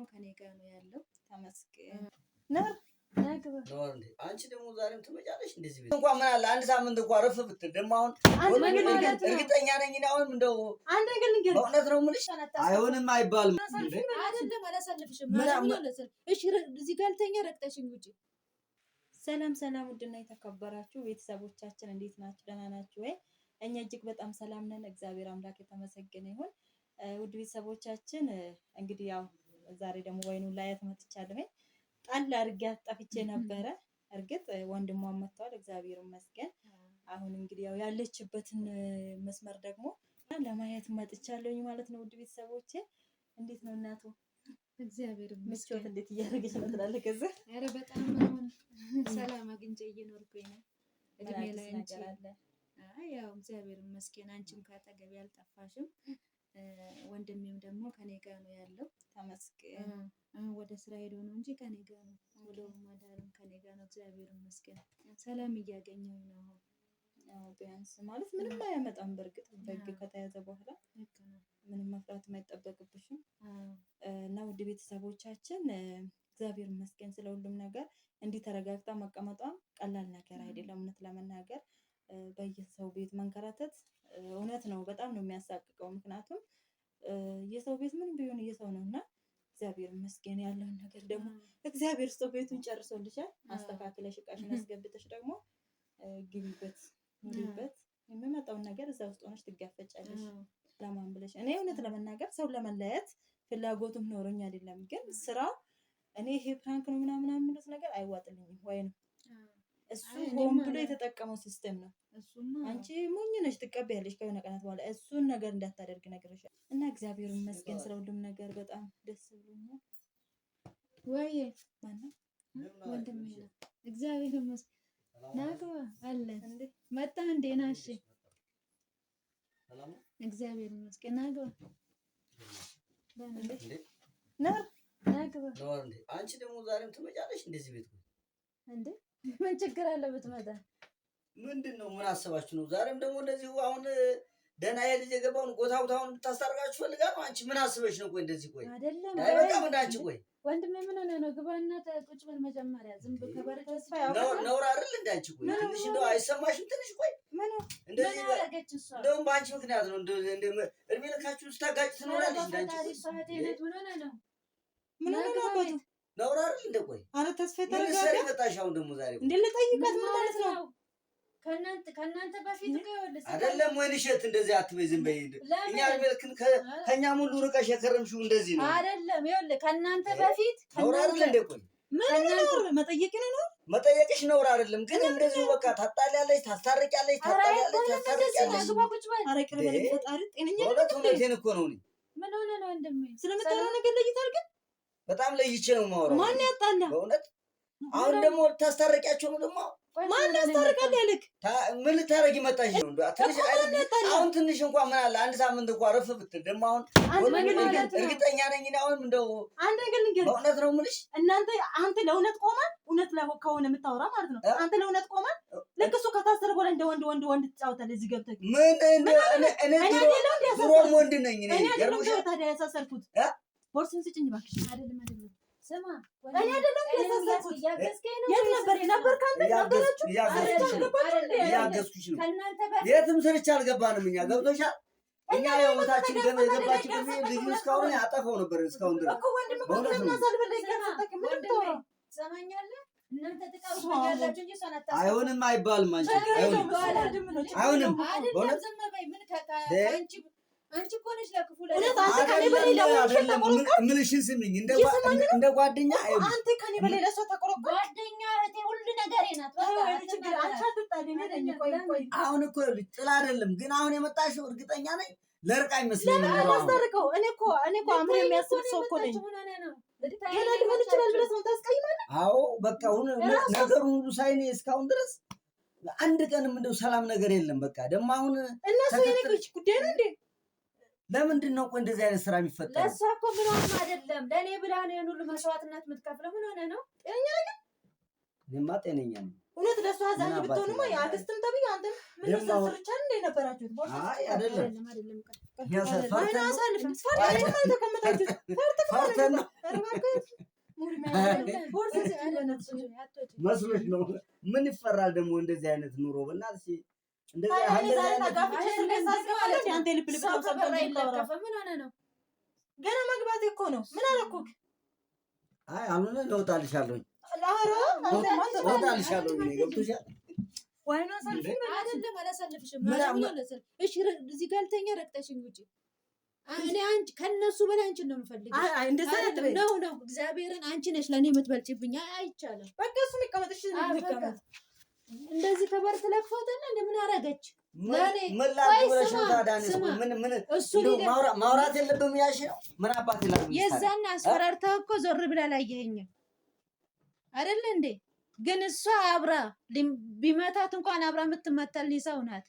ደግሞ ከኔ ጋር ነው ያለው። ተመስገን ነው። አንቺ ደግሞ ዛሬም ትመጫለሽ። እንደዚህ ቤት አንድ ሳምንት እንኳን ረፍ ብትል እርግጠኛ ነኝ ነው አይሆንም ሰላም ሰላም፣ ውድና የተከበራችሁ ቤተሰቦቻችን እንዴት ናችሁ? ደህና ናችሁ ወይ? እኛ እጅግ በጣም ሰላም ነን። እግዚአብሔር አምላክ የተመሰገነ ይሁን። ውድ ቤተሰቦቻችን እንግዲህ ያው ዛሬ ደግሞ ወይኑን ላያት መጥቻለሁ። ጣል አድርጌ አጣፍቼ ነበረ። እርግጥ ወንድሟ መጥተዋል፣ እግዚአብሔር ይመስገን። አሁን እንግዲህ ያው ያለችበትን መስመር ደግሞ ለማየት መጥቻለሁኝ ማለት ነው። ውድ ቤተሰቦቼ እንዴት ነው እናቱ? እግዚአብሔር ይመስገን። እንዴት እያደረገች ነው ትላለህ? ከዛ ኧረ በጣም አሁን ሰላም አግኝቼ እየኖርኩኝ ነው። እድሜ ላይ ያው እግዚአብሔር ይመስገን። አንቺም ካጠገቤ አልጠፋሽም። ወንድሜም ደግሞ ከኔ ጋር ነው ያለው። ተመስገን ወደ ስራ ሄዶ ነው እንጂ ከኔ ጋር ነው ውሎም አዳሩም ከኔ ጋር ነው። እግዚአብሔር ይመስገን ሰላም እያገኘሁኝ ነው። ቢያንስ ማለት ምንም አያመጣም። በእርግጥ በህግ ከተያዘ በኋላ ምንም መፍራት አይጠበቅብሽም። እና ውድ ቤተሰቦቻችን እግዚአብሔር ይመስገን ስለ ሁሉም ነገር እንዲህ ተረጋግጣ መቀመጧም ቀላል ነገር አይደለም እውነት ለመናገር በየሰው ቤት መንከራተት እውነት ነው፣ በጣም ነው የሚያሳቅቀው። ምክንያቱም የሰው ቤት ምን ቢሆን እየሰው ነው እና እግዚአብሔር ይመስገን ያለውን ነገር ደግሞ እግዚአብሔር ሰው ቤቱን ጨርሶልሻል። አስተካክለሽ እቃሽን አስገብተሽ ደግሞ ግቢበት ኑሪበት። የሚመጣውን ነገር እዛ ውስጥ ሆነች ትጋፈጫለሽ። ለማን ብለሽ እኔ እውነት ለመናገር ሰው ለመለያየት ፍላጎቱም ኖሮኝ አይደለም፣ ግን ስራ እኔ ይሄ ፕራንክ ነው ምናምን ምናምን የሚሉት ነገር አይዋጥልኝም ወይም እሱ ሆን ብሎ የተጠቀመው ሲስተም ነው። አንቺ ሞኝ ነሽ፣ ትቀበያለሽ ከሆነ ቀናት በኋላ እሱን ነገር እንዳታደርግ ነግሬሻለሁ። እና እግዚአብሔር ይመስገን ስለ ሁሉም ነገር በጣም ደስ ብሎኛል። ወይ ማነው ወንድሜ ነው። እግዚአብሔር ይመስገን። ናግባ አለ መጣ እንዴ ናሽ? እግዚአብሔር ይመስገን። ናግባ ናግባ። አንቺ ደግሞ ዛሬም ትመጫለሽ እንደዚህ ቤት እንዴ? ምን ችግር አለ ብትመጣ? ምንድን ነው? ምን አስባችሁ ነው? ዛሬም ደግሞ እንደዚሁ አሁን ደህና የልጅ የገባውን ጎታ ቦታውን ልታስታርቃችሁ ነው? አንቺ ምን አስበሽ ነው? ቆይ እንደዚህ ቆይ አይደለም በቃ አንቺ ቆይ ወንድሜ ምን ሆነ ነው? ግባና ቁጭ በል መጀመሪያ። ዝም ብሎ ነውር አይደል እንደ አንቺ ቆይ ትንሽ እንደው አይሰማሽም? ትንሽ ቆይ ምን እንደዚህ እንደውም በአንቺ ምክንያት ነው እንደ እንደ እድሜ ልካችሁ ስታጋጭ ትኖራለች። እንዳንቺ ምን ሆነ ነው? ላውራ አይደል እንደ ቆይ፣ ኧረ ተስፋዬ ተረጋጋ። ምን መጣሽ አሁን ደግሞ ዛሬ? እንደ ልጠይቃት ምን ማለት ነው? ከእናንተ ከእናንተ በፊት አይደለም ወይን እሸት እንደዚህ አትበይ፣ ዝም በይ። እኛ ልክን ከእኛ ሙሉ ርቀሽ የከረምሽው እንደዚህ ነው አይደለም? ይኸውልህ ከእናንተ በፊት ላውራ እንደ ቆይ ምን ነውር መጠየቅ ነው መጠየቅሽ ነውር አይደለም ግን እንደዚሁ በቃ ታጣላለች ታስታርቂያለች ታጣላለች ታስታርቂያለች እኮ ነው ምን ሆነህ ነው ወንድሜ ስለምጠላው ነገር ለይታል ግን በጣም ለይቼ ነው የማወራው። ማን ያጣላ በእውነት አሁን ደግሞ ታስታረቂያቸው ነው ደግሞ ማን ያስታርቃል? ያልክ ምን ልታረጊ መጣሽ? አሁን ትንሽ እንኳን ምን አለ አንድ ሳምንት እንኳን ረፍ ብትል ደግሞ አሁን እርግጠኛ ነኝ አሁንም እንደው አንድ ነገር ንገር፣ በእውነት ነው የምልሽ። እናንተ አንተ ለእውነት ቆማል፣ እውነት ላይ ከሆነ የምታወራ ማለት ነው። አንተ ለእውነት ቆማል። ልክ እሱ ከታሰረ በኋላ እንደ ወንድ ወንድ ወንድ ትጫወታለህ። እዚህ ገብተህ ምን ድሮም ወንድ ነኝ እኔ ታዲያ ያሳሰርኩት ቦርሳን ስጭኝ እባክሽ። የትም ስልቻ አልገባንም እኛ ገብቶሻል። እኛ ያወታችን ገባች ጊዜ ልዩ እስካሁን አጠፋው ነበር እስካሁን አይሆንም አይባልም። አይሆንም አይሆንም ምልሽን ስሚኝ፣ እንደ ጓደኛ አንተ ከኔ በሌላ ሰው ተቆረቆረ። ጓደኛ እህቴ ሁሉ ነገሬ አሁን እኮ ጥላ አይደለም ግን አሁን የመጣሽው እርግጠኛ ነኝ ለእርቅ አይመስለኝም። ላስታርቀው እኔ እኮ እኔ እኮ አምሮ የሚያስብ ሰው እኮ ነኝ። ገና ሊሆን ይችላል ብለህ ነው ታስቀይማለህ። አዎ በቃ ነገሩ ሁሉ ሳይኔ እስካሁን ድረስ አንድ ቀንም እንደው ሰላም ነገር የለም። በቃ ደግሞ አሁን እነሱ የኔ ጉዳይ ነው እንዴ ለምንድን ነው እንደዚህ አይነት ስራ የሚፈጠረው? ለእሷ እኮ ምን ሆኖ አይደለም፣ ለእኔ ብላ ነው ይሄን መስዋዕትነት የምትከፍለው። ምን ሆነ ነው? ጤነኛ ነገር እኔማ ጤነኛ ነኝ። እውነት ለእሷ አዛኝ ብትሆንማ አክስትም ተብዬ አንተም ምን ስርቻል እንደ ነበራችሁት መስሎች ነው። ምን ይፈራል ደግሞ እንደዚህ አይነት ኑሮ በእናትሽ ገና መግባት እኮ ነው። ምን አደረኩህ? አይ አሁን እወጣልሻለሁ እዚህ ጋር ልተኛ ረግጠሽኝ ውጪ። እኔ አንቺ ከእነሱ በላይ አንቺን ነው የምፈልገው። እንደዛ ነው ነው። እግዚአብሔርን አንቺ ነሽ ለእኔ የምትበልጪብኝ። አይቻልም። በቃ እሱ የሚቀመጥሽ እንደዚህ ተበርት ለክፎትና እንደምን አረገች ማውራት የለብም ያሽ ምን አባት ይላል። የዛን አስፈራርተህ እኮ ዞር ብላ ላየኸኝም አይደለ እንዴ? ግን እሷ አብራ ቢመታት እንኳን አብራ የምትመታልኝ ሰው ናት።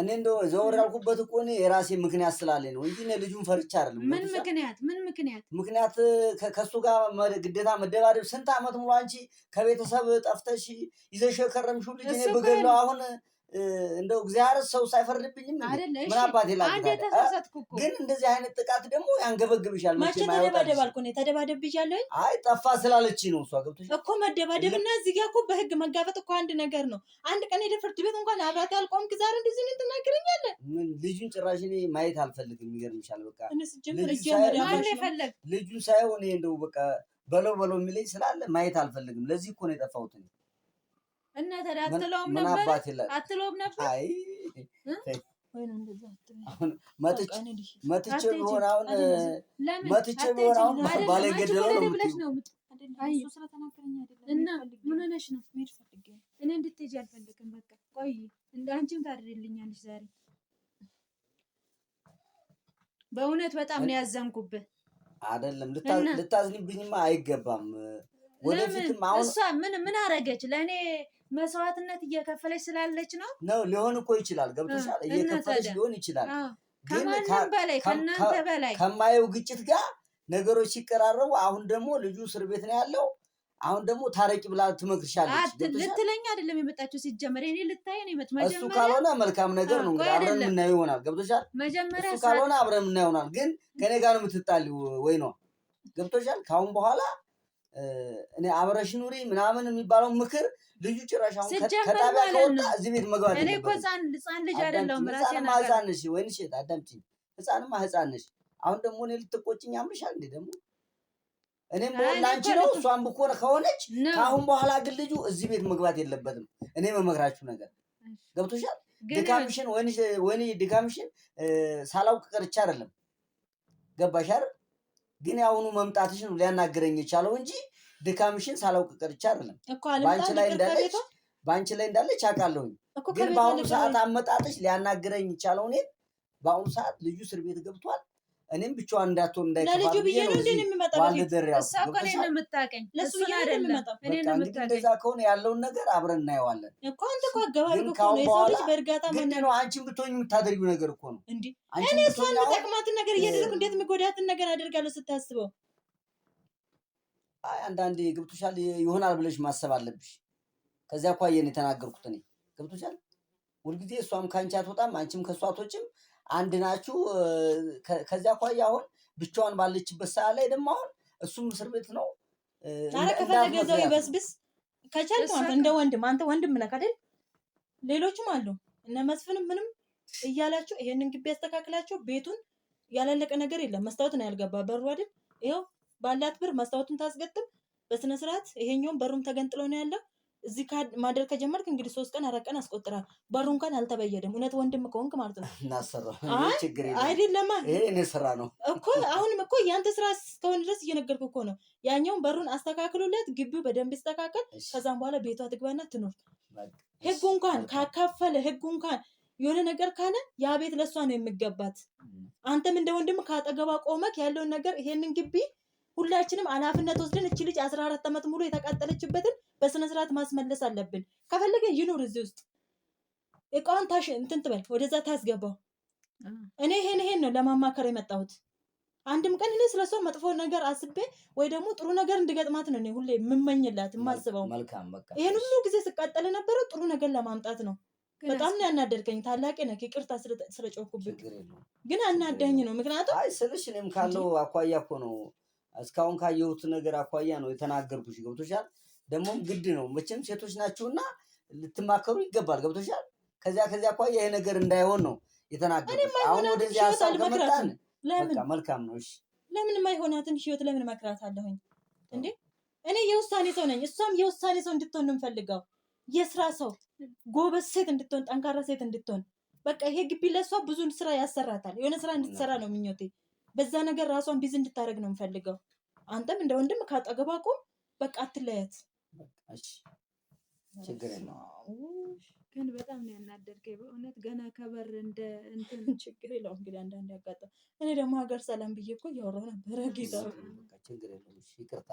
እኔ እንደው ዘወር ያልኩበት እኮ እኔ የራሴ ምክንያት ስላለ ነው እንጂ እኔ ልጁን ፈርቻ አይደለም። ምን ምክንያት ምን ምክንያት ምክንያት ከእሱ ጋር ግዴታ መደባደብ። ስንት አመት ሙሉ አንቺ ከቤተሰብ ጠፍተሽ ይዘሽ የከረምሽው ልጅ እኔ ብገለው አሁን እንደው እግዚአብሔር ሰው ሳይፈርድብኝም ምን አባት ይላል። ግን እንደዚህ አይነት ጥቃት ደግሞ ያንገበግብሻል። መቼ ተደባደብ አልኩ እኔ ተደባደብሻለሁ። አይ ጠፋ ስላለች ነው እሷ ገብቶሽ እኮ መደባደብ እና እዚህ ጋር እኮ በህግ መጋፈጥ እኮ አንድ ነገር ነው። አንድ ቀን ሄደህ ፍርድ ቤት እንኳን አብራት ያልቆምክ ዛሬ እንደዚህ ምን ትናገረኛለህ? ምን ልጁን ጭራሽ እኔ ማየት አልፈልግም። ይገርምሻል። በቃ ልጁ ሳይሆን እንደው በቃ በለው በለው የሚለኝ ስላለ ማየት አልፈልግም። ለዚህ እኮ ነው የጠፋሁት እኔ እና ታዲያ አትለውም ነበር መጥቼ ቢሆን አሁን መጥቼ ቢሆን አሁን ባለ ገደለው ነው እና ምን ሆነሽ ነው? እኔ እንድትሄጂ አልፈልግም። በቃ ቆይ እንደ አንቺም ዛሬ በእውነት በጣም ነው ያዘንኩብህ። አይደለም ልታዝንብኝማ አይገባም። ወደፊትም አሁን እሷ ምን ምን አረገች ለእኔ መስዋዕትነት እየከፈለች ስላለች ነው ነው ሊሆን እኮ ይችላል። ገብቶሻል? እየከፈለች ሊሆን ይችላል። ከማንም በላይ ከእናንተ በላይ ከማየው ግጭት ጋር ነገሮች ሲቀራረቡ፣ አሁን ደግሞ ልጁ እስር ቤት ነው ያለው። አሁን ደግሞ ታረቂ ብላ ትመክርሻለች። ልትለኝ አይደለም የመጣችው። ሲጀመር እኔ ልታይ ነው የመጣ እሱ ካልሆነ መልካም ነገር ነው እንግዲህ አብረን የምናየው ይሆናል። ገብቶሻል? መጀመሪያ እሱ ካልሆነ አብረን የምናየው ይሆናል። ግን ከኔ ጋር ነው የምትጣል ወይ ነው ገብቶሻል? ከአሁን በኋላ እኔ አብረሽ ኑሪ ምናምን የሚባለው ምክር ልጁ ጭራሽ አሁን ከጣቢያ ከወጣ እዚህ ቤት መግባት እኔ እኮ ህፃን ልጅ አይደለሁም። ራሴን ህፃን ነሽ ወይ ንሽ አዳምጪ። ህፃንማ ህፃን ነሽ። አሁን ደግሞ እኔ ልትቆጭኝ አምርሻል እንዴ ደግሞ እኔም በሆን ላንቺ ነው እሷን ብኮር ከሆነች ከአሁን በኋላ ግን ልጁ እዚህ ቤት መግባት የለበትም። እኔ መመክራችሁ ነገር ገብቶሻል። ድካምሽን ወይኔ ድካምሽን ሳላውቅ ቀርቼ አይደለም ገባሽ አይደል? ግን የአሁኑ መምጣትሽን ሊያናግረኝ የቻለው እንጂ ድካምሽን ሳላውቅ ቀርቻ አይደለም በአንቺ ላይ እንዳለች በአንቺ ላይ እንዳለች አውቃለሁኝ። ግን በአሁኑ ሰዓት አመጣጥሽ ሊያናግረኝ ይቻለው እኔም በአሁኑ ሰዓት ልጁ እስር ቤት ገብቷል። እኔም ብቻ እንዳትሆን እንዳይከፋት ከሆነ ያለውን ነገር አብረን እናየዋለን። ግን ከአሁን አንቺን ብትሆኝ የምታደርጊው ነገር እኮ ነው። እኔ እሷን የምጠቅማትን ነገር እያደረግኩ እንዴት የምጎዳትን ነገር አደርጋለሁ ስታስበው አንዳንዴ ገብቶሻል ይሆናል ብለሽ ማሰብ አለብሽ። ከዚያ አኳየን የተናገርኩት እኔ ገብቶሻል። ሁልጊዜ እሷም ከአንቺ አትወጣም፣ አንቺም ከእሷ አትወጪም፣ አንድ ናችሁ። ከዚያ አኳያ አሁን ብቻዋን ባለችበት ሰዓት ላይ ደግሞ አሁን እሱም እስር ቤት ነው። ኧረ ከፈለገ እዛው ይበስብስ ከቻልክ እንደ ወንድም አንተ ወንድም ነህ አይደል? ሌሎችም አሉ እነ መስፍንም ምንም እያላቸው ይሄንን ግቢ ያስተካክላቸው። ቤቱን ያላለቀ ነገር የለም መስታወት ነው ያልገባ በሩ አይደል? ይኸው ባላት ብር መስታወቱን ታስገጥም በስነ ስርዓት። ይሄኛውም በሩም ተገንጥሎ ነው ያለው። እዚህ ማደር ከጀመርክ እንግዲህ ሶስት ቀን አራት ቀን አስቆጥራል። በሩን እንኳን አልተበየደም። እውነት ወንድም ከሆንክ ማለት ነው። አይደለማ ይሄ ስራ ነው እኮ አሁንም እኮ ያንተ ስራ እስከሆነ ድረስ እየነገርኩ እኮ ነው። ያኛውን በሩን አስተካክሉለት፣ ግቢው በደንብ ይስተካከል። ከዛም በኋላ ቤቷ ትግባና ትኖር። ህጉ እንኳን ካካፈለ ህጉ እንኳን የሆነ ነገር ካለ ያ ቤት ለእሷ ነው የሚገባት። አንተም እንደ ወንድም ካጠገባ ቆመክ ያለውን ነገር ይሄንን ግቢ ሁላችንም ኃላፊነት ወስደን እች ልጅ አስራ አራት ዓመት ሙሉ የተቃጠለችበትን በስነ ስርዓት ማስመለስ አለብን። ከፈለገ ይኑር እዚህ ውስጥ እቃዋን ታሽ እንትን ትበል ወደዛ ታስገባው። እኔ ይሄን ይሄን ነው ለማማከር የመጣሁት። አንድም ቀን እኔ ስለሷ መጥፎ ነገር አስቤ ወይ ደግሞ ጥሩ ነገር እንድገጥማት ነው ሁሌ የምመኝላት የማስበው። ይሄን ሁሉ ጊዜ ስቃጠል ነበረ ጥሩ ነገር ለማምጣት ነው። በጣም ነው ያናደድከኝ። ታላቅ ነ ይቅርታ ስለጮኩብህ፣ ግን አናዳኝ ነው ምክንያቱም ስልሽ እኔም ካለው አኳያ እኮ ነው እስካሁን ካየሁት ነገር አኳያ ነው የተናገርኩሽ። ገብቶሻል። ደግሞም ግድ ነው መቼም ሴቶች ናችሁና ልትማከሩ ይገባል። ገብቶሻል። ከዚያ ከዚያ አኳያ ይሄ ነገር እንዳይሆን ነው የተናገርኩት። አሁን ወደዚህ ሀሳብ ከመጣን መልካም ነው። ለምን ማይሆናትን ህይወት ለምን መክራት አለሁኝ እንዴ? እኔ የውሳኔ ሰው ነኝ፣ እሷም የውሳኔ ሰው እንድትሆን ነው የስራ ሰው ጎበዝ ሴት እንድትሆን፣ ጠንካራ ሴት እንድትሆን። በቃ ይሄ ግቢ ለእሷ ብዙ ስራ ያሰራታል። የሆነ ስራ እንድትሰራ ነው ምኞቴ። በዛ ነገር ራሷን ቢዝ እንድታደረግ ነው የምፈልገው። አንተም እንደ ወንድም ካጠገቧ ቁም፣ በቃ አትለያት። ችግር ግን በጣም ነው ያናደድከኝ በእውነት ገና ከበር እንደ እንትን ችግር የለውም እንግዲህ አንዳንድ ያጋጥማል። እኔ ደግሞ ሀገር ሰላም ብዬ እኮ እያወራሁ ነበረ ጌታ